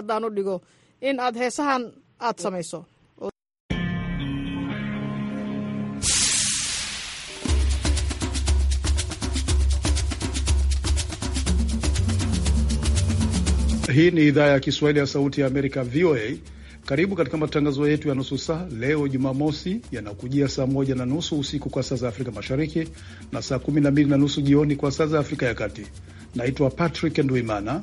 haddaan u dhigo in aad heesahan aad samayso Hii ni idhaa ya Kiswahili ya Sauti ya Amerika, VOA. Karibu katika matangazo yetu ya nusu saa leo Jumamosi, yanakujia saa moja na nusu usiku kwa saa za Afrika Mashariki na saa kumi na mbili na nusu jioni kwa saa za Afrika ya Kati. Naitwa Patrick Nduimana.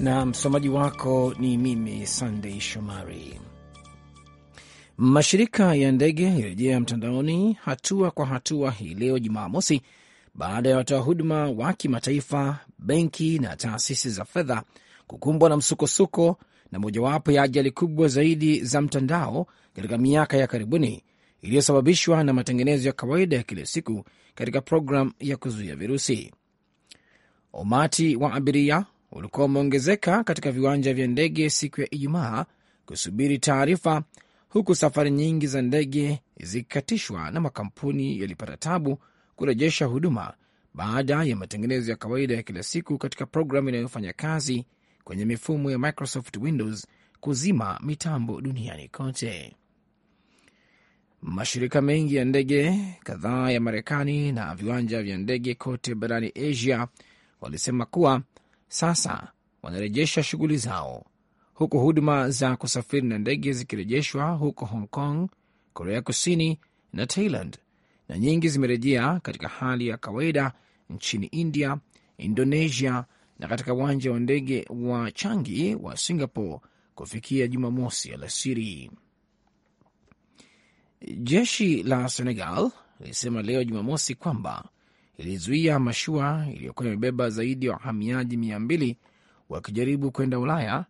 na msomaji wako ni mimi Sandei Shomari. Mashirika ya ndege yarejea mtandaoni hatua kwa hatua hii leo Jumamosi, baada ya watoa huduma wa kimataifa, benki na taasisi za fedha kukumbwa na msukosuko na mojawapo ya ajali kubwa zaidi za mtandao katika miaka ya karibuni iliyosababishwa na matengenezo ya kawaida ya kila siku katika programu ya kuzuia virusi. Umati wa abiria ulikuwa umeongezeka katika viwanja vya ndege siku ya Ijumaa kusubiri taarifa, huku safari nyingi za ndege zikikatishwa na makampuni yalipata tabu kurejesha huduma baada ya matengenezo ya kawaida ya kila siku katika programu inayofanya kazi kwenye mifumo ya Microsoft Windows kuzima mitambo duniani kote. Mashirika mengi ya ndege kadhaa ya Marekani na viwanja vya ndege kote barani Asia walisema kuwa sasa wanarejesha shughuli zao, huku huduma za kusafiri na ndege zikirejeshwa huko Hong Kong, Korea Kusini na Thailand, na nyingi zimerejea katika hali ya kawaida nchini India, Indonesia na katika uwanja wa ndege wa Changi wa Singapore kufikia Jumamosi alasiri. Jeshi la Senegal lilisema leo Jumamosi kwamba lilizuia mashua iliyokuwa imebeba zaidi ya wahamiaji mia mbili wakijaribu kwenda Ulaya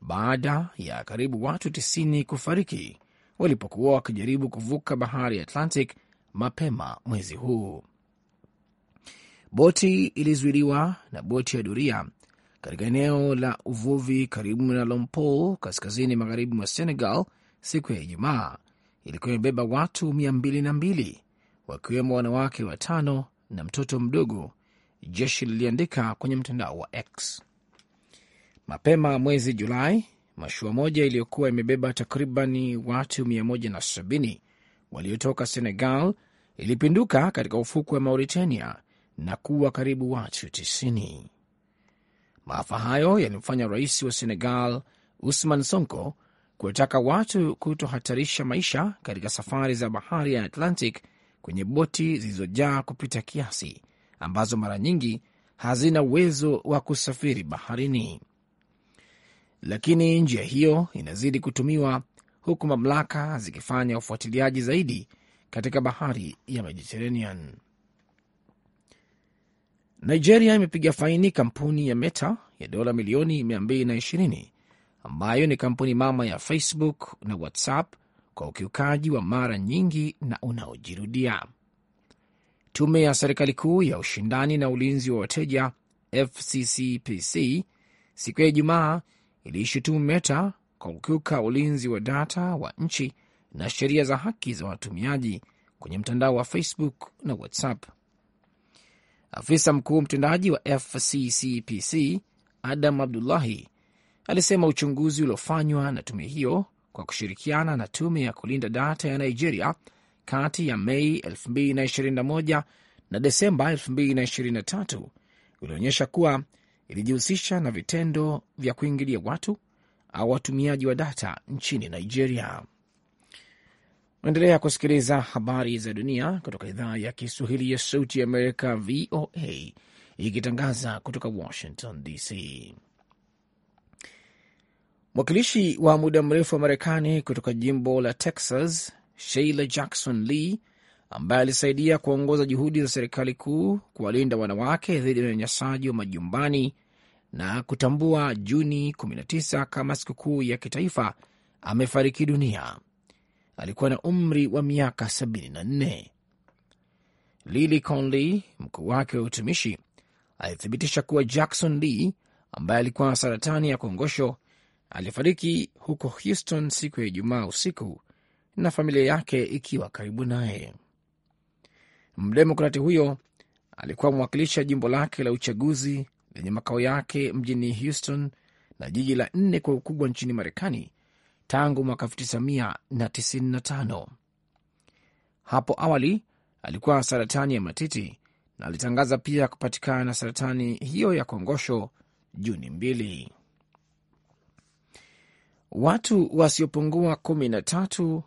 baada ya karibu watu tisini kufariki walipokuwa wakijaribu kuvuka bahari Atlantic mapema mwezi huu. Boti ilizuiliwa na boti ya doria katika eneo la uvuvi karibu na Lompol, kaskazini magharibi mwa Senegal siku ya Ijumaa ilikuwa imebeba watu mia mbili na mbili wakiwemo wanawake watano na mtoto mdogo, jeshi liliandika kwenye mtandao wa X. Mapema mwezi Julai, mashua moja iliyokuwa imebeba takribani watu 170 waliotoka Senegal ilipinduka katika ufukwe wa Mauritania na kuwa karibu watu 90. Maafa hayo yalimfanya rais wa Senegal Usman Sonko kuwataka watu kutohatarisha maisha katika safari za bahari ya Atlantic kwenye boti zilizojaa kupita kiasi ambazo mara nyingi hazina uwezo wa kusafiri baharini. Lakini njia hiyo inazidi kutumiwa huku mamlaka zikifanya ufuatiliaji zaidi katika bahari ya Mediterranean. Nigeria imepiga faini kampuni ya Meta ya dola milioni 220 ambayo ni kampuni mama ya Facebook na WhatsApp kwa ukiukaji wa mara nyingi na unaojirudia. Tume ya serikali kuu ya ushindani na ulinzi wa wateja FCCPC siku ya Ijumaa iliishutumu Meta kwa kukiuka ulinzi wa data wa nchi na sheria za haki za watumiaji kwenye mtandao wa Facebook na WhatsApp. Afisa mkuu mtendaji wa FCCPC Adam Abdullahi alisema uchunguzi uliofanywa na tume hiyo kwa kushirikiana na tume ya kulinda data ya Nigeria kati ya Mei 2021 na Desemba 2023 ulionyesha kuwa ilijihusisha na vitendo vya kuingilia watu au watumiaji wa data nchini Nigeria. Naendelea kusikiliza habari za dunia kutoka idhaa ya Kiswahili ya Sauti ya Amerika, VOA, ikitangaza kutoka Washington DC. Mwakilishi wa muda mrefu wa Marekani kutoka jimbo la Texas, Sheila Jackson Lee, ambaye alisaidia kuongoza juhudi za serikali kuu kuwalinda wanawake dhidi ya unyanyasaji wa majumbani na kutambua Juni 19 kama sikukuu ya kitaifa, amefariki dunia. Alikuwa na umri wa miaka 74. Lily Conley, mkuu wake wa utumishi, alithibitisha kuwa Jackson Lee ambaye alikuwa na saratani ya kongosho alifariki huko Houston siku ya Ijumaa usiku na familia yake ikiwa karibu naye. Mdemokrati huyo alikuwa mwakilisha jimbo lake la uchaguzi lenye makao yake mjini Houston na jiji la nne kwa ukubwa nchini Marekani tangu mwaka 1995. Hapo awali alikuwa na saratani ya matiti na alitangaza pia kupatikana na saratani hiyo ya kongosho Juni mbili watu wasiopungua kumi na tatu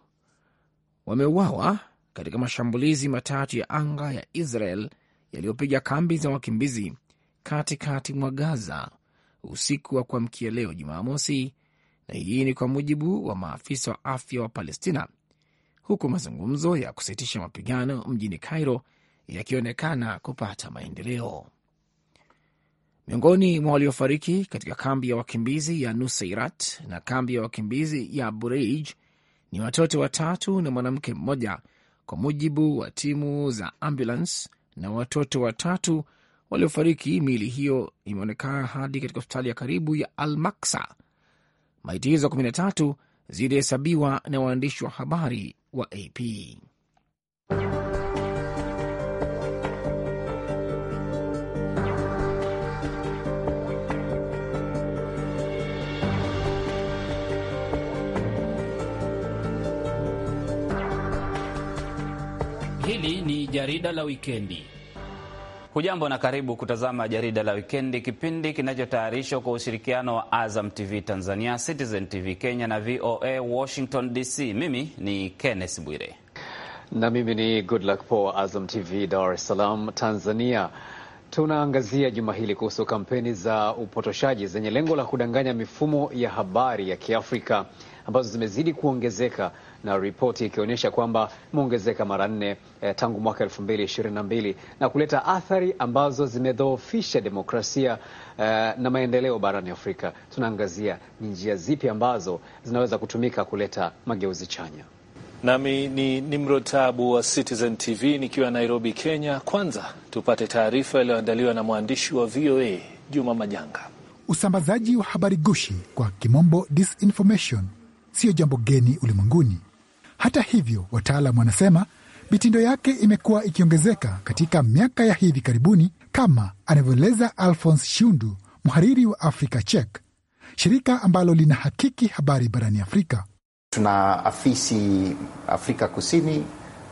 wameuawa katika mashambulizi matatu ya anga ya Israel yaliyopiga kambi za wakimbizi katikati mwa Gaza usiku wa kuamkia leo Jumamosi, na hii ni kwa mujibu wa maafisa wa afya wa Palestina, huku mazungumzo ya kusitisha mapigano mjini Cairo yakionekana kupata maendeleo. Miongoni mwa waliofariki katika kambi ya wakimbizi ya Nuseirat na kambi ya wakimbizi ya Bureij ni watoto watatu na mwanamke mmoja, kwa mujibu wa timu za ambulance. Na watoto watatu waliofariki, miili hiyo imeonekana hadi katika hospitali ya karibu ya Al Maksa. Maiti hizo 13 zilihesabiwa na waandishi wa habari wa AP. Jarida la Wikendi. Hujambo na karibu kutazama jarida la wikendi, kipindi kinachotayarishwa kwa ushirikiano wa Azam TV Tanzania, Citizen TV Kenya na VOA Washington DC. Mimi ni Kenneth Bwire na mimi ni Goodluck Po, Azam TV Dar es Salaam, Tanzania. Tunaangazia juma hili kuhusu kampeni za upotoshaji zenye lengo la kudanganya mifumo ya habari ya Kiafrika ambazo zimezidi kuongezeka na ripoti ikionyesha kwamba imeongezeka mara nne eh, tangu mwaka elfu mbili ishirini na mbili na kuleta athari ambazo zimedhoofisha demokrasia eh, na maendeleo barani Afrika. Tunaangazia ni njia zipi ambazo zinaweza kutumika kuleta mageuzi chanya. Nami ni Nimrod Tabu wa Citizen TV nikiwa Nairobi, Kenya. Kwanza tupate taarifa iliyoandaliwa na mwandishi wa VOA Juma Majanga. Usambazaji wa habari gushi, kwa kimombo disinformation, siyo jambo geni ulimwenguni, hata hivyo, wataalam wanasema mitindo yake imekuwa ikiongezeka katika miaka ya hivi karibuni, kama anavyoeleza Alfons Shundu, mhariri wa Africa Check, shirika ambalo lina hakiki habari barani Afrika. Tuna afisi Afrika Kusini,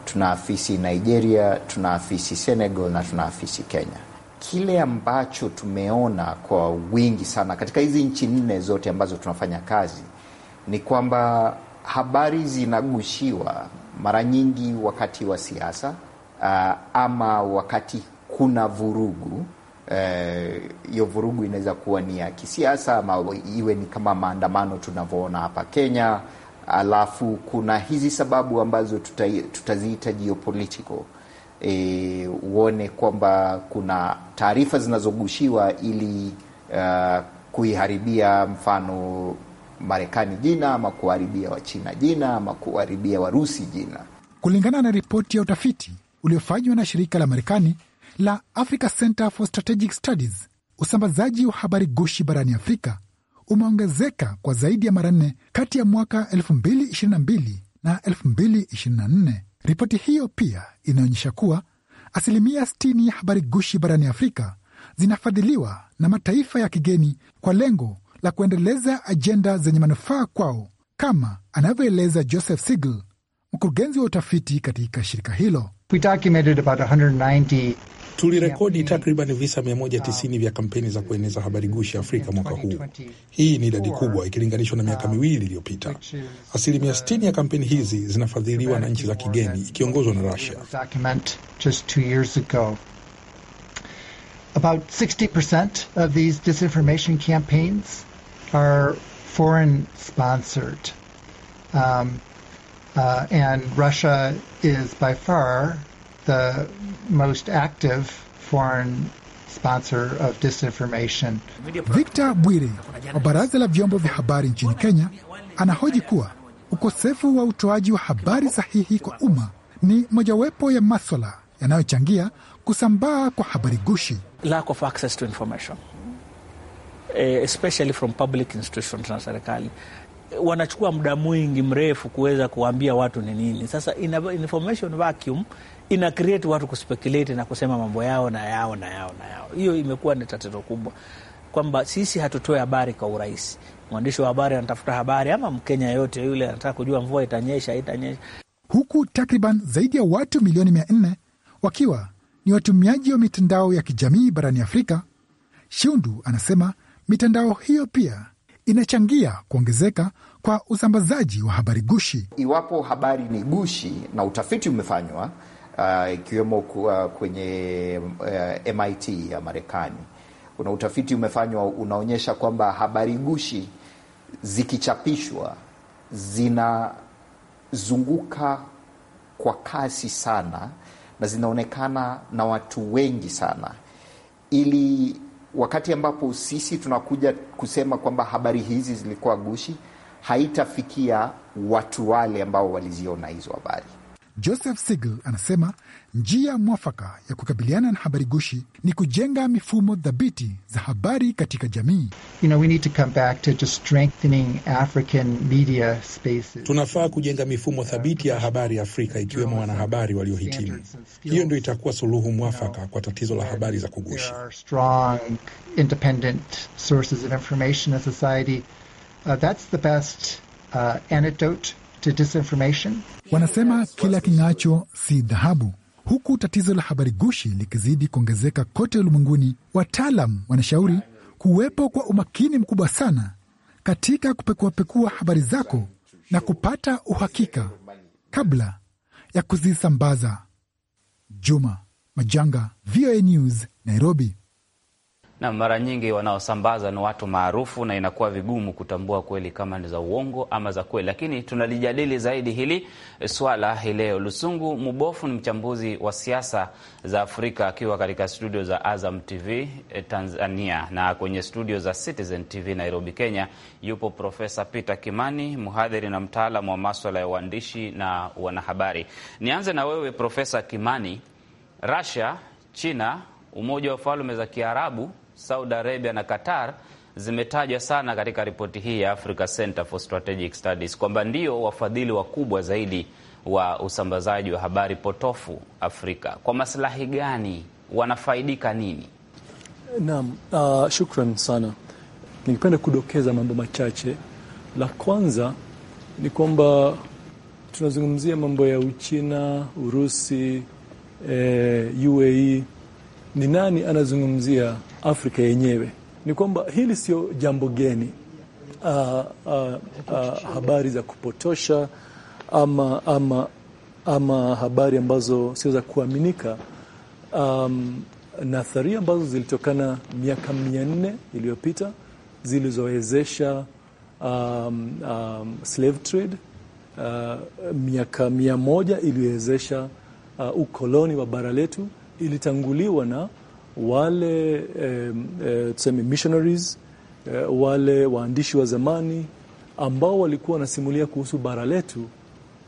tuna afisi Nigeria, tuna afisi Senegal na tuna afisi Kenya. Kile ambacho tumeona kwa wingi sana katika hizi nchi nne zote ambazo tunafanya kazi ni kwamba habari zinagushiwa mara nyingi wakati wa siasa uh, ama wakati kuna vurugu eh, hiyo uh, vurugu inaweza kuwa ni ya kisiasa ama iwe ni kama maandamano tunavyoona hapa Kenya. Alafu kuna hizi sababu ambazo tuta, tutaziita geopolitical e, uone kwamba kuna taarifa zinazogushiwa ili uh, kuiharibia mfano Marekani jina ama kuwaharibia Wachina jina ama kuwaharibia Warusi jina. Kulingana na ripoti ya utafiti uliofanywa na shirika la Marekani la Africa Center for Strategic Studies, usambazaji wa habari gushi barani Afrika umeongezeka kwa zaidi ya mara nne kati ya mwaka 2022 na 2024. Ripoti hiyo pia inaonyesha kuwa asilimia 60 ya habari gushi barani Afrika zinafadhiliwa na mataifa ya kigeni kwa lengo la kuendeleza ajenda zenye manufaa kwao, kama anavyoeleza Joseph Sigel, mkurugenzi wa utafiti katika shirika hilo. Tulirekodi takriban visa 190 vya kampeni za kueneza habari gushi Afrika mwaka huu. Hii ni idadi kubwa ikilinganishwa na miaka miwili iliyopita. Asilimia 60 ya kampeni hizi zinafadhiliwa na nchi za kigeni ikiongozwa na Russia. About 60% of these disinformation campaigns are foreign sponsored. Um, uh, and Russia is by far the most active foreign sponsor of disinformation. Victor Bwire wa Baraza la Vyombo vya Habari nchini Kenya anahoji kuwa ukosefu wa utoaji wa habari sahihi kwa umma ni mojawapo ya maswala yanayochangia kusambaa kwa habari gushi, lack of access to information eh, especially from public institutions na serikali wanachukua muda mwingi mrefu kuweza kuwaambia watu ni nini. Sasa ina information vacuum ina create watu kuspekulate na kusema mambo yao na yao na yao na yao. Hiyo imekuwa ni tatizo kubwa, kwamba sisi hatutoe habari kwa urahisi. Mwandishi wa habari anatafuta habari, ama Mkenya yote yule anataka kujua mvua itanyesha itanyesha, huku takriban zaidi ya watu milioni mia nne wakiwa ni watumiaji wa mitandao ya kijamii barani Afrika. shundu anasema mitandao hiyo pia inachangia kuongezeka kwa usambazaji wa habari gushi. Iwapo habari ni gushi na utafiti umefanywa uh, ikiwemo uh, kwenye uh, MIT ya Marekani, kuna utafiti umefanywa unaonyesha kwamba habari gushi zikichapishwa zinazunguka kwa kasi sana na zinaonekana na watu wengi sana, ili wakati ambapo sisi tunakuja kusema kwamba habari hizi zilikuwa gushi, haitafikia watu wale ambao waliziona hizo habari. Joseph Sigl anasema njia mwafaka ya kukabiliana na habari gushi ni kujenga mifumo thabiti za habari katika jamii. You know, we need to come back to just strengthening African media spaces. Tunafaa kujenga mifumo thabiti ya habari Afrika, ikiwemo wanahabari waliohitimu. Hiyo ndio itakuwa suluhu mwafaka kwa tatizo la habari za kugushi. Uh, that's the best, uh, antidote to disinformation. Wanasema kila king'acho si dhahabu. Huku tatizo la habari gushi likizidi kuongezeka kote ulimwenguni, wataalam wanashauri kuwepo kwa umakini mkubwa sana katika kupekuapekua habari zako na kupata uhakika kabla ya kuzisambaza. Juma Majanga, VOA News, Nairobi. Na mara nyingi wanaosambaza ni watu maarufu na inakuwa vigumu kutambua kweli kama ni za uongo ama za kweli, lakini tunalijadili zaidi hili swala hii leo. Lusungu Mubofu ni mchambuzi wa siasa za Afrika akiwa katika studio za Azam TV eh, Tanzania, na kwenye studio za Citizen TV Nairobi, Kenya, yupo Profesa Peter Kimani, mhadhiri na mtaalam wa maswala ya uandishi na wanahabari. Nianze na wewe Profesa Kimani. Rusia, China, Umoja wa Falme za Kiarabu Saudi Arabia na Qatar zimetajwa sana katika ripoti hii ya Africa Center for Strategic Studies kwamba ndio wafadhili wakubwa zaidi wa usambazaji wa habari potofu Afrika. Kwa masilahi gani? Wanafaidika nini? Naam, uh, shukran sana. Ningependa kudokeza mambo machache. La kwanza ni kwamba tunazungumzia mambo ya Uchina, Urusi, eh, UAE. Ni nani anazungumzia Afrika yenyewe ni kwamba hili sio jambo geni. Uh, uh, uh, habari za kupotosha ama, ama, ama habari ambazo sio za kuaminika um, nadharia ambazo zilitokana miaka mia nne iliyopita zilizowezesha um, um, slave trade uh, miaka mia moja iliyowezesha uh, ukoloni wa bara letu ilitanguliwa na wale e, e, tuseme missionaries e, wale waandishi wa zamani ambao walikuwa wanasimulia kuhusu bara letu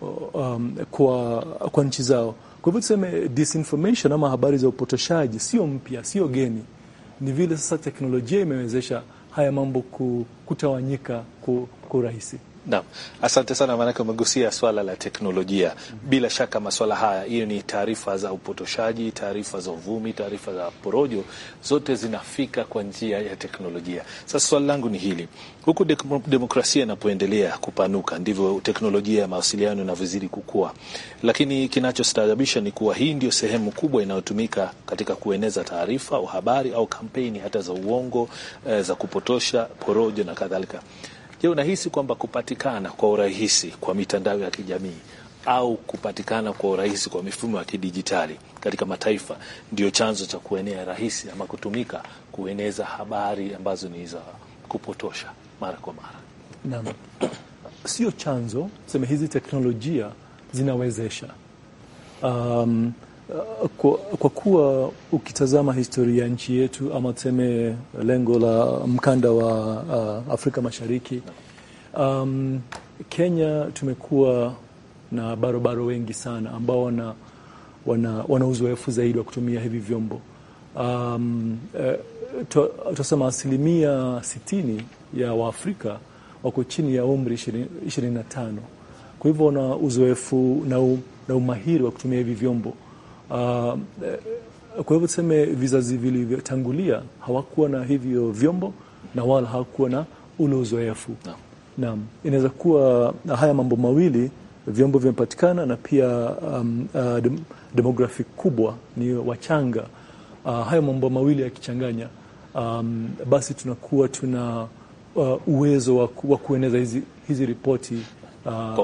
um, kwa, kwa nchi zao. Kwa hivyo tuseme disinformation ama habari za upotoshaji sio mpya, sio geni. Ni vile sasa teknolojia imewezesha haya mambo kutawanyika kwa urahisi. Naam, asante sana, maanake umegusia swala la teknolojia. Bila shaka maswala haya, hiyo ni taarifa za upotoshaji, taarifa za uvumi, taarifa za porojo, zote zinafika kwa njia ya teknolojia. Sasa swali langu ni hili, huku demokrasia inapoendelea kupanuka, ndivyo teknolojia ya mawasiliano inavyozidi kukua, lakini kinachostaajabisha ni kuwa hii ndio sehemu kubwa inayotumika katika kueneza taarifa, uhabari au kampeni hata za uongo, eh, za kupotosha, porojo na kadhalika. Je, unahisi kwamba kupatikana kwa urahisi kwa mitandao ya kijamii au kupatikana kwa urahisi kwa mifumo ya kidijitali katika mataifa ndio chanzo cha kuenea rahisi ama kutumika kueneza habari ambazo ni za kupotosha mara kwa mara? Naam, sio chanzo, seme hizi teknolojia zinawezesha um, kwa, kwa kuwa ukitazama historia ya nchi yetu ama tuseme lengo la mkanda wa uh, Afrika Mashariki um, Kenya tumekuwa na barobaro wengi sana ambao wana, wana, wana uzoefu zaidi wa kutumia hivi vyombo um, eh, tutasema asilimia sitini ya Waafrika wako chini ya umri ishirini na tano. Kwa hivyo wana uzoefu na, u, na umahiri wa kutumia hivi vyombo Uh, kwa hivyo tuseme vizazi vilivyotangulia hawakuwa na hivyo vyombo na wala hawakuwa na ule uzoefu. Naam, inaweza kuwa haya mambo mawili vyombo vimepatikana na pia um, uh, dem demografi kubwa ni wachanga. Uh, haya mambo mawili yakichanganya, um, basi tunakuwa tuna uh, uwezo wa kueneza hizi, hizi ripoti uh,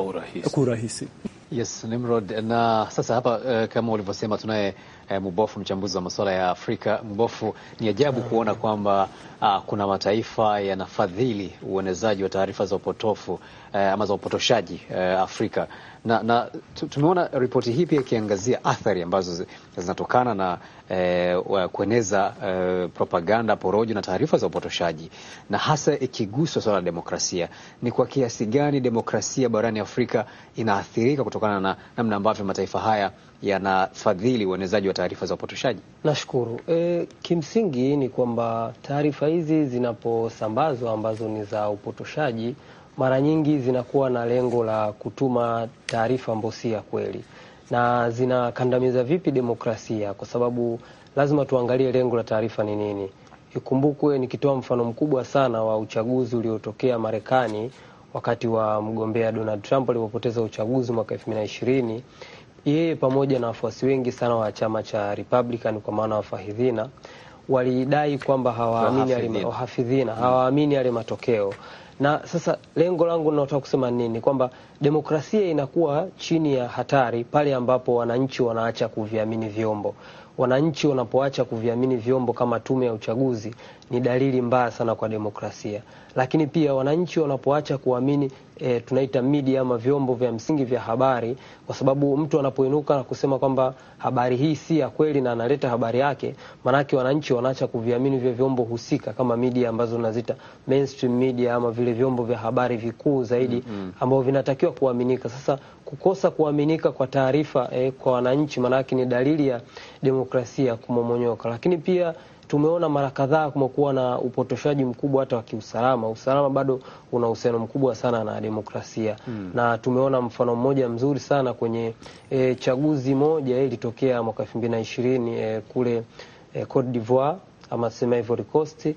kwa urahisi. Yes, Nimrod. Na sasa hapa uh, kama ulivyosema tunaye uh, Mubofu, mchambuzi wa masuala ya Afrika. Mubofu, ni ajabu mm. kuona kwamba uh, kuna mataifa yanafadhili uenezaji wa taarifa za upotofu uh, ama za upotoshaji uh, Afrika na, na tumeona ripoti hii pia ikiangazia athari ambazo zinatokana na eh, kueneza eh, propaganda, porojo na taarifa za upotoshaji, na hasa ikiguswa swala la demokrasia, ni kwa kiasi gani demokrasia barani Afrika inaathirika kutokana na namna ambavyo mataifa haya yanafadhili uenezaji wa taarifa za upotoshaji? Nashukuru. E, kimsingi ni kwamba taarifa hizi zinaposambazwa ambazo ni za upotoshaji, mara nyingi zinakuwa na lengo la kutuma taarifa ambayo si ya kweli na zinakandamiza vipi demokrasia, kwa sababu lazima tuangalie lengo la taarifa ni nini. Ikumbukwe, nikitoa mfano mkubwa sana wa uchaguzi uliotokea Marekani wakati wa mgombea Donald Trump alipopoteza uchaguzi mwaka elfu mbili na ishirini yeye pamoja na wafuasi wengi sana wa chama cha Republican kwa maana wafahidhina walidai kwamba hawaamini wahafidhina, hawaamini yale matokeo. Na sasa lengo langu ninataka kusema nini? Kwamba demokrasia inakuwa chini ya hatari pale ambapo wananchi wanaacha kuviamini vyombo. Wananchi wanapoacha kuviamini vyombo kama tume ya uchaguzi, ni dalili mbaya sana kwa demokrasia. Lakini pia wananchi wanapoacha kuamini e, tunaita media ama vyombo vya msingi vya habari, kwa sababu mtu anapoinuka na kusema kwamba habari hii si ya kweli na analeta habari yake, maanake wananchi wanaacha kuviamini vile vyombo husika, kama media ambazo nazita mainstream media ama vile vyombo vya habari vikuu zaidi mm-hmm. ambavyo vinatakiwa kuaminika. Sasa kukosa kuaminika kwa taarifa e, kwa wananchi, maanake ni dalili ya demokrasia kumomonyoka, lakini pia tumeona mara kadhaa kumekuwa na upotoshaji mkubwa hata wa kiusalama. Usalama bado una uhusiano mkubwa sana na demokrasia hmm. na tumeona mfano mmoja mzuri sana kwenye e, chaguzi moja ilitokea mwaka elfu mbili na ishirini e, kule e, Cote d'Ivoire ama sema Ivory Coast,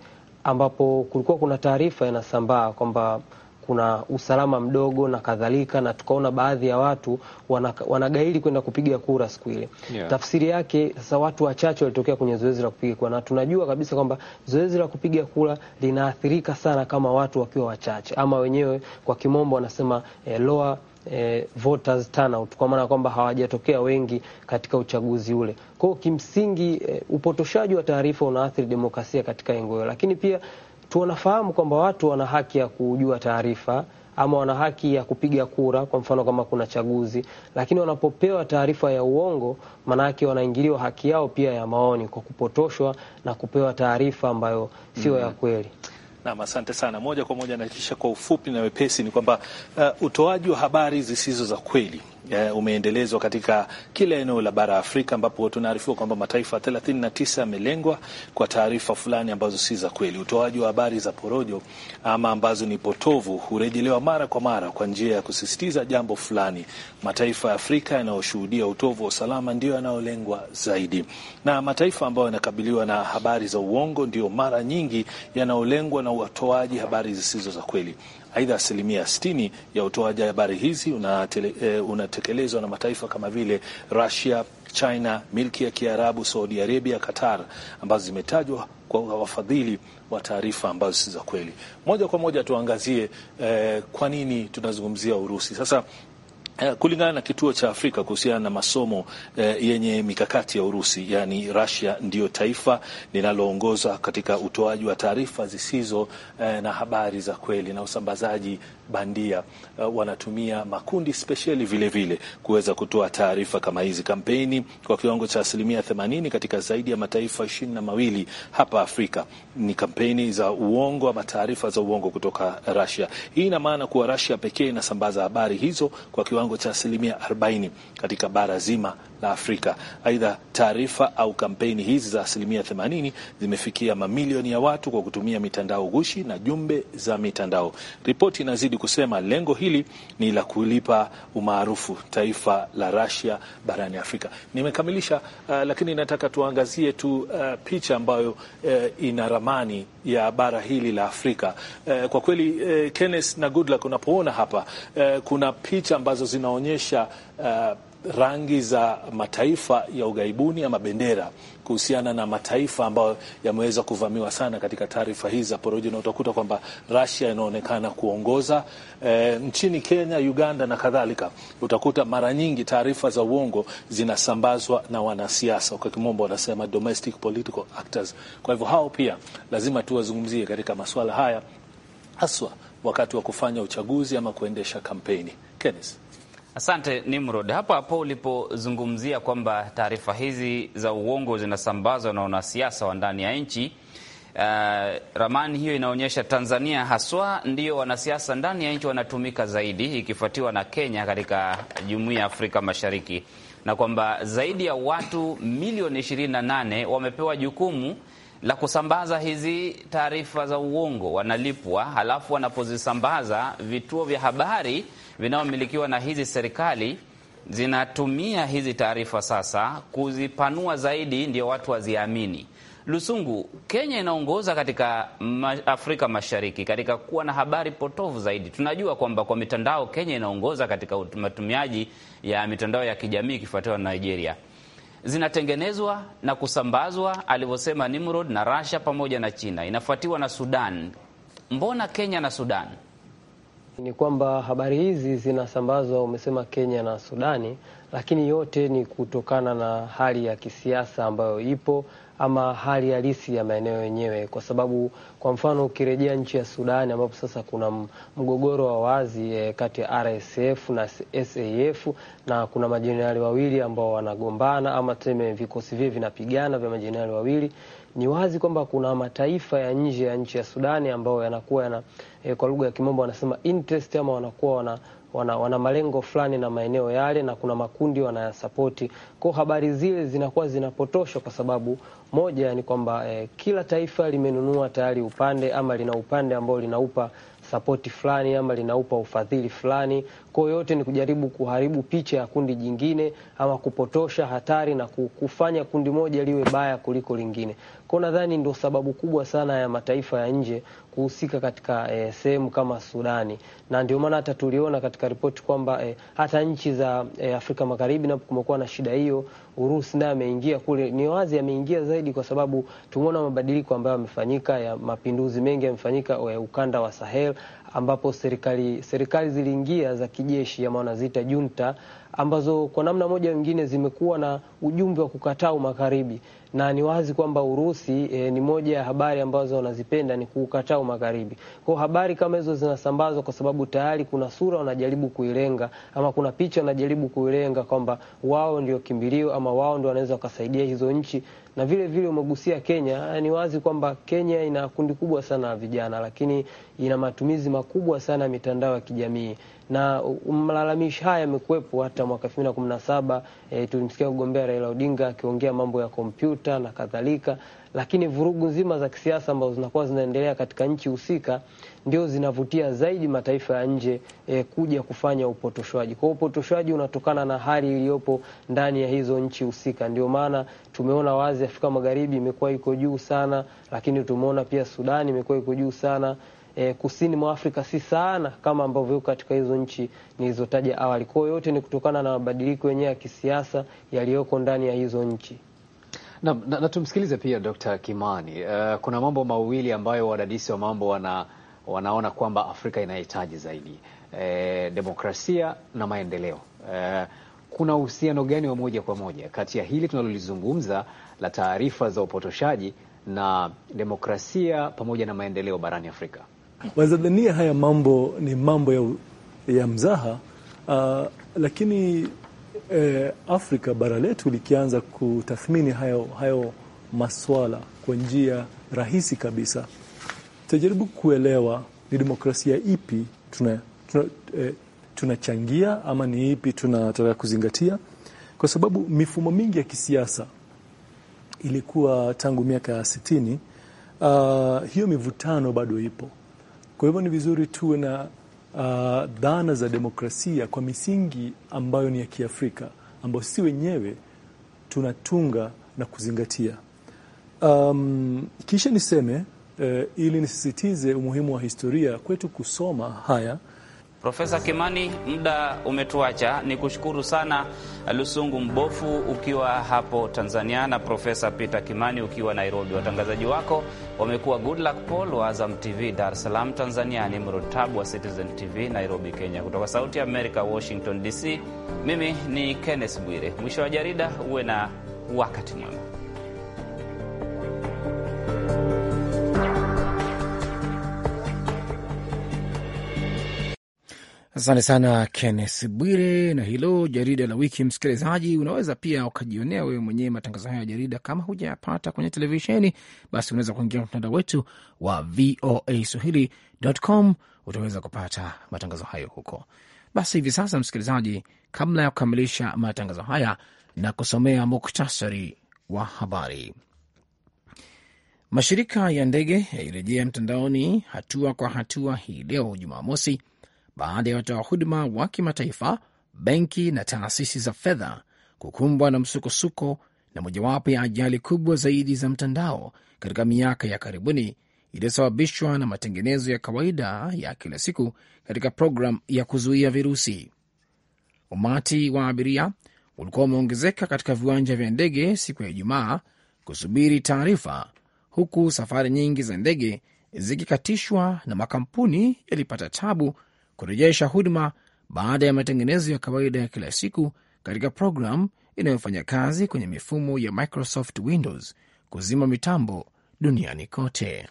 ambapo kulikuwa kuna taarifa inasambaa kwamba kuna usalama mdogo na kadhalika, na tukaona baadhi ya watu wana, wanagairi kwenda kupiga kura siku ile yeah. Tafsiri yake sasa, watu wachache walitokea kwenye zoezi la kupiga kura, na tunajua kabisa kwamba zoezi la kupiga kura linaathirika sana kama watu wakiwa wachache, ama wenyewe kwa kimombo wanasema eh, lower E, voters turnout kwa maana kwamba hawajatokea wengi katika uchaguzi ule. Kwa hiyo kimsingi, e, upotoshaji wa taarifa unaathiri demokrasia katika eneo, lakini pia tunafahamu kwamba watu wana haki ya kujua taarifa ama wana haki ya kupiga kura, kwa mfano kama kuna chaguzi, lakini wanapopewa taarifa ya uongo, maanake wanaingiliwa haki yao pia ya maoni kwa kupotoshwa na kupewa taarifa ambayo sio mm -hmm. ya kweli. Nam, asante sana. Moja kwa moja, nakisha kwa ufupi na wepesi ni kwamba uh, utoaji wa habari zisizo za kweli eh, umeendelezwa katika kila eneo la bara ya Afrika, ambapo tunaarifiwa kwamba mataifa 39 yamelengwa kwa taarifa fulani ambazo si za kweli. Utoaji wa habari za porojo ama ambazo ni potovu hurejelewa mara kwa mara kwa njia ya kusisitiza jambo fulani. Mataifa ya Afrika yanayoshuhudia utovu wa usalama ndio yanayolengwa zaidi, na mataifa ambayo yanakabiliwa na habari za uongo ndio mara nyingi yanayolengwa na utoaji habari zisizo za kweli. Aidha, asilimia 60 ya utoaji habari hizi eh, unatekelezwa na mataifa kama vile Russia, China, milki ya Kiarabu, Saudi Arabia, Qatar ambazo zimetajwa kwa wafadhili wa taarifa ambazo si za kweli. Moja kwa moja tuangazie eh, kwa nini tunazungumzia Urusi sasa. Eh, kulingana na kituo cha Afrika kuhusiana na masomo eh, yenye mikakati ya Urusi, yani Russia ndiyo taifa linaloongoza katika utoaji wa taarifa zisizo eh, na habari za kweli na usambazaji bandia uh, wanatumia makundi spesheli vilevile kuweza kutoa taarifa kama hizi. Kampeni kwa kiwango cha asilimia themanini katika zaidi ya mataifa ishirini na mawili hapa Afrika ni kampeni za uongo ama taarifa za uongo kutoka rasia Hii ina maana kuwa rasia pekee inasambaza habari hizo kwa kiwango cha asilimia arobaini katika bara zima la Afrika. Aidha, taarifa au kampeni hizi za asilimia 80 zimefikia mamilioni ya watu kwa kutumia mitandao gushi na jumbe za mitandao. Ripoti inazidi kusema lengo hili ni la kulipa umaarufu taifa la Russia barani Afrika. Nimekamilisha, uh, lakini nataka tuangazie tu uh, picha ambayo uh, ina ramani ya bara hili la Afrika. Uh, kwa kweli uh, Kenneth na Goodluck unapoona hapa uh, kuna picha ambazo zinaonyesha uh, rangi za mataifa ya ugaibuni ama bendera kuhusiana na mataifa ambayo yameweza kuvamiwa sana katika taarifa hizi za poroji, na utakuta kwamba Russia inaonekana kuongoza e, nchini Kenya, Uganda na kadhalika. Utakuta mara nyingi taarifa za uongo zinasambazwa na wanasiasa, kwa kimombo wanasema domestic political actors. Kwa hivyo hao pia lazima tuwazungumzie katika masuala haya, haswa wakati wa kufanya uchaguzi ama kuendesha kampeni. Kenneth. Asante Nimrod. Hapo hapo ulipozungumzia kwamba taarifa hizi za uongo zinasambazwa na wanasiasa wa ndani ya nchi, uh, ramani hiyo inaonyesha Tanzania haswa ndio wanasiasa ndani ya nchi wanatumika zaidi, ikifuatiwa na Kenya katika jumuiya ya Afrika Mashariki, na kwamba zaidi ya watu milioni 28 wamepewa jukumu la kusambaza hizi taarifa za uongo. Wanalipwa, halafu wanapozisambaza vituo vya habari vinavyomilikiwa na hizi serikali zinatumia hizi taarifa sasa kuzipanua zaidi, ndio watu waziamini. Lusungu, Kenya inaongoza katika Afrika Mashariki katika kuwa na habari potofu zaidi. Tunajua kwamba kwa mitandao Kenya inaongoza katika matumiaji ya mitandao ya kijamii ikifuatiwa na Nigeria. Zinatengenezwa na kusambazwa alivyosema Nimrod na Russia pamoja na China, inafuatiwa na Sudan. Mbona Kenya na Sudan? Ni kwamba habari hizi zinasambazwa, umesema Kenya na Sudani, lakini yote ni kutokana na hali ya kisiasa ambayo ipo ama hali halisi ya maeneo yenyewe, kwa sababu kwa mfano ukirejea nchi ya Sudani ambapo sasa kuna mgogoro wa wazi e, kati ya RSF na SAF na kuna majenerali wawili ambao wanagombana ama tuseme vikosi vile vinapigana vya majenerali wawili ni wazi kwamba kuna mataifa ya nje ya nchi ya Sudani ambayo yanakuwa yana, e, kwa lugha ya Kimombo wanasema interest ama wanakuwa wana wana, wana malengo fulani na maeneo yale na kuna makundi wanayasapoti. Kwa habari zile zinakuwa zinapotoshwa kwa sababu moja ni kwamba e, kila taifa limenunua tayari upande ama lina upande ambao linaupa sapoti fulani ama linaupa ufadhili fulani. Kwa yote ni kujaribu kuharibu picha ya kundi jingine ama kupotosha hatari na kufanya kundi moja liwe baya kuliko lingine. Kwa nadhani ndio sababu kubwa sana ya mataifa ya nje kuhusika katika eh, sehemu kama Sudani, na ndio maana hata tuliona katika ripoti kwamba eh, hata nchi za eh, Afrika Magharibi napo kumekuwa na shida hiyo. Urusi naye ameingia kule, ni wazi ameingia zaidi kwa sababu tumeona mabadiliko ambayo yamefanyika ya mapinduzi mengi yamefanyika ya eh, ukanda wa Sahel ambapo serikali serikali ziliingia za kijeshi maana zita junta ambazo kwa namna moja nyingine zimekuwa na ujumbe wa kukataa umagharibi, na ni wazi kwamba Urusi e, ni moja ya habari ambazo wanazipenda ni kuukataa umagharibi. Kwa habari kama hizo zinasambazwa kwa sababu tayari kuna sura wanajaribu kuilenga, ama kuna picha wanajaribu kuilenga kwamba wao ndio kimbilio ama wao ndio wanaweza wakasaidia hizo nchi. Na vile vile umegusia Kenya, ni wazi kwamba Kenya ina kundi kubwa sana la vijana, lakini ina matumizi makubwa sana ya mitandao ya kijamii na malalamishi haya yamekuwepo hata mwaka 2017 e, eh, tulimsikia kugombea Raila Odinga akiongea mambo ya kompyuta na kadhalika, lakini vurugu nzima za kisiasa ambazo zinakuwa zinaendelea katika nchi husika ndio zinavutia zaidi mataifa ya nje e, kuja kufanya upotoshwaji. Kwa hiyo upotoshwaji unatokana na hali iliyopo ndani ya hizo nchi husika. Ndio maana tumeona wazi Afrika Magharibi imekuwa iko juu sana, lakini tumeona pia Sudani imekuwa iko juu sana e, kusini mwa Afrika si sana kama ambavyo katika hizo nchi nilizotaja awali. Kwa hiyo yote ni kutokana na mabadiliko yenyewe ya kisiasa yaliyoko ndani ya hizo nchi. Na, na, na tumsikilize pia Dr. Kimani. Uh, kuna mambo mawili ambayo wadadisi wa mambo wana, wanaona kwamba Afrika inahitaji zaidi eh, demokrasia na maendeleo eh, kuna uhusiano gani wa moja kwa moja kati ya hili tunalolizungumza la taarifa za upotoshaji na demokrasia pamoja na maendeleo barani Afrika? Wanazadhania haya mambo ni mambo ya, ya mzaha uh, lakini eh, Afrika bara letu likianza kutathmini hayo, hayo maswala kwa njia rahisi kabisa, tutajaribu kuelewa ni demokrasia ipi tunachangia tuna, tuna, eh, ama ni ipi tunataka kuzingatia, kwa sababu mifumo mingi ya kisiasa ilikuwa tangu miaka ya sitini. Uh, hiyo mivutano bado ipo. Kwa hivyo ni vizuri tuwe na uh, dhana za demokrasia kwa misingi ambayo ni ya Kiafrika ambayo sisi wenyewe tunatunga na kuzingatia. Um, kisha niseme uh, ili nisisitize umuhimu wa historia kwetu kusoma haya Profesa Kimani, muda umetuacha. Ni kushukuru sana Lusungu Mbofu ukiwa hapo Tanzania na Profesa Peter Kimani ukiwa Nairobi. Watangazaji wako wamekuwa Goodluck Paul wa Azam TV Dar es Salaam Tanzania, ni Mrotabu wa Citizen TV Nairobi Kenya. Kutoka Sauti ya america Washington DC, mimi ni Kenneth Bwire. Mwisho wa jarida, uwe na wakati mwema. Asante sana Kennes Bwire na hilo jarida la wiki. Msikilizaji, unaweza pia ukajionea wewe mwenyewe matangazo hayo ya jarida. Kama hujayapata kwenye televisheni, basi unaweza kuingia mtandao wetu wa VOA Swahili.com, utaweza kupata matangazo hayo huko. Basi hivi sasa, msikilizaji, kabla ya kukamilisha matangazo haya na kusomea muktasari wa habari, mashirika ya ndege yairejea mtandaoni hatua kwa hatua hii leo Jumamosi baada ya watoa huduma wa kimataifa, benki na taasisi za fedha kukumbwa na msukosuko na mojawapo ya ajali kubwa zaidi za mtandao katika miaka ya karibuni iliyosababishwa na matengenezo ya kawaida ya kila siku katika programu ya kuzuia virusi. Umati wa abiria ulikuwa umeongezeka katika viwanja vya ndege siku ya Ijumaa kusubiri taarifa, huku safari nyingi za ndege zikikatishwa na makampuni yalipata tabu kurejesha huduma baada ya matengenezo ya kawaida ya kila siku katika programu inayofanya kazi kwenye mifumo ya Microsoft Windows kuzima mitambo duniani kote.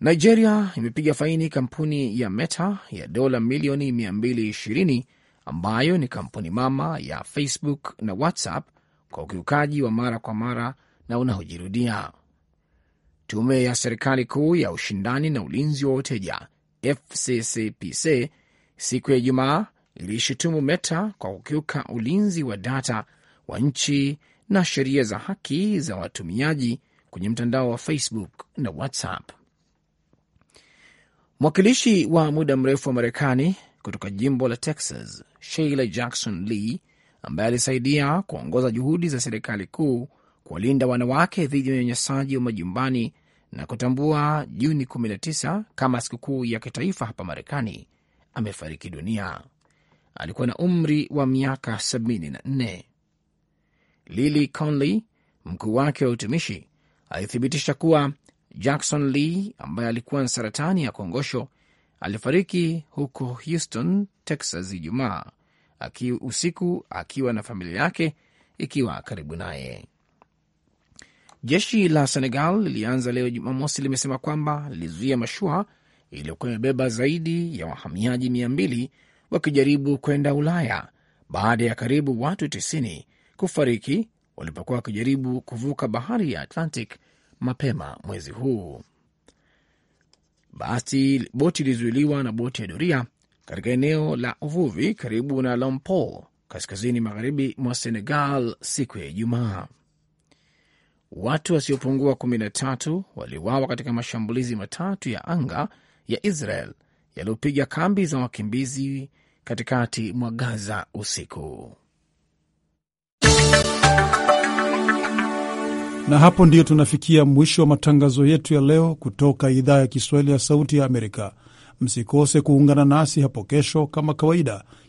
Nigeria imepiga faini kampuni ya Meta ya dola milioni 220 ambayo ni kampuni mama ya Facebook na WhatsApp kwa ukiukaji wa mara kwa mara na unaojirudia. Tume ya serikali kuu ya ushindani na ulinzi wa wateja FCCPC siku ya Ijumaa iliishutumu Meta kwa kukiuka ulinzi wa data wa nchi na sheria za haki za watumiaji kwenye mtandao wa Facebook na WhatsApp. Mwakilishi wa muda mrefu wa Marekani kutoka jimbo la Texas, Sheila Jackson Lee, ambaye alisaidia kuongoza juhudi za serikali kuu kuwalinda wanawake dhidi ya unyanyasaji wa majumbani na kutambua Juni 19 kama sikukuu ya kitaifa hapa Marekani, amefariki dunia. Alikuwa na umri wa miaka 74. Lily Conley, mkuu wake wa utumishi, alithibitisha kuwa Jackson Lee ambaye alikuwa na saratani ya kongosho alifariki huko Houston, Texas Ijumaa usiku akiwa na familia yake ikiwa karibu naye. Jeshi la Senegal lilianza leo Jumamosi limesema kwamba lilizuia mashua iliyokuwa imebeba zaidi ya wahamiaji mia mbili wakijaribu kwenda Ulaya baada ya karibu watu tisini kufariki walipokuwa wakijaribu kuvuka bahari ya Atlantic mapema mwezi huu. Basi boti ilizuiliwa na boti ya doria katika eneo la uvuvi karibu na Lompo, kaskazini magharibi mwa Senegal siku ya Ijumaa watu wasiopungua 13 waliuawa katika mashambulizi matatu ya anga ya Israel yaliyopiga kambi za wakimbizi katikati mwa Gaza usiku. Na hapo ndiyo tunafikia mwisho wa matangazo yetu ya leo kutoka idhaa ya Kiswahili ya Sauti ya Amerika. Msikose kuungana nasi hapo kesho kama kawaida